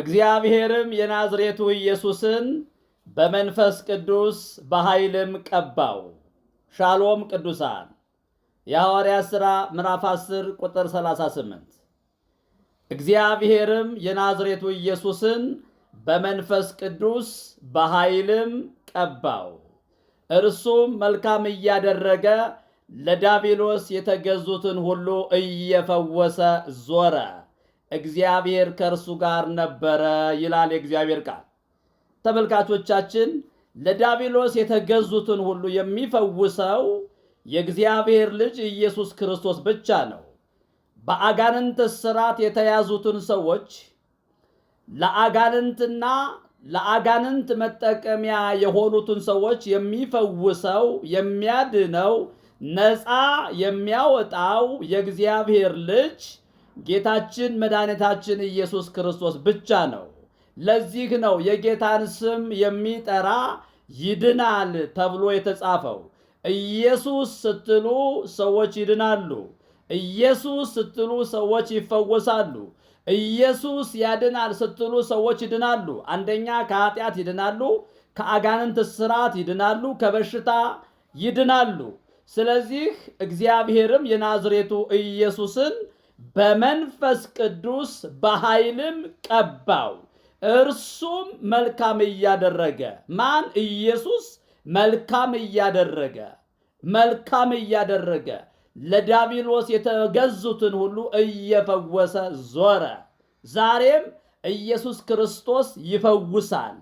እግዚአብሔርም የናዝሬቱ ኢየሱስን በመንፈስ ቅዱስ በኃይልም ቀባው። ሻሎም ቅዱሳን የሐዋርያት ሥራ ምዕራፍ 10 ቁጥር 38። እግዚአብሔርም የናዝሬቱ ኢየሱስን በመንፈስ ቅዱስ በኃይልም ቀባው፣ እርሱም መልካም እያደረገ ለዳቢሎስ የተገዙትን ሁሉ እየፈወሰ ዞረ። እግዚአብሔር ከእርሱ ጋር ነበረ ይላል የእግዚአብሔር ቃል። ተመልካቾቻችን ለዲያብሎስ የተገዙትን ሁሉ የሚፈውሰው የእግዚአብሔር ልጅ ኢየሱስ ክርስቶስ ብቻ ነው። በአጋንንት ስራት የተያዙትን ሰዎች ለአጋንንትና ለአጋንንት መጠቀሚያ የሆኑትን ሰዎች የሚፈውሰው የሚያድነው ነፃ የሚያወጣው የእግዚአብሔር ልጅ ጌታችን መድኃኒታችን ኢየሱስ ክርስቶስ ብቻ ነው። ለዚህ ነው የጌታን ስም የሚጠራ ይድናል ተብሎ የተጻፈው። ኢየሱስ ስትሉ ሰዎች ይድናሉ። ኢየሱስ ስትሉ ሰዎች ይፈወሳሉ። ኢየሱስ ያድናል ስትሉ ሰዎች ይድናሉ። አንደኛ ከኃጢአት ይድናሉ፣ ከአጋንንት ስራት ይድናሉ፣ ከበሽታ ይድናሉ። ስለዚህ እግዚአብሔርም የናዝሬቱ ኢየሱስን በመንፈስ ቅዱስ በኃይልም ቀባው። እርሱም መልካም እያደረገ ማን? ኢየሱስ መልካም እያደረገ መልካም እያደረገ ለዲያብሎስ የተገዙትን ሁሉ እየፈወሰ ዞረ። ዛሬም ኢየሱስ ክርስቶስ ይፈውሳል።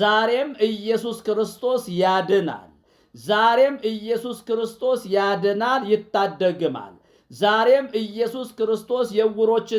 ዛሬም ኢየሱስ ክርስቶስ ያድናል። ዛሬም ኢየሱስ ክርስቶስ ያድናል፣ ይታደግማል። ዛሬም ኢየሱስ ክርስቶስ የዕውሮችን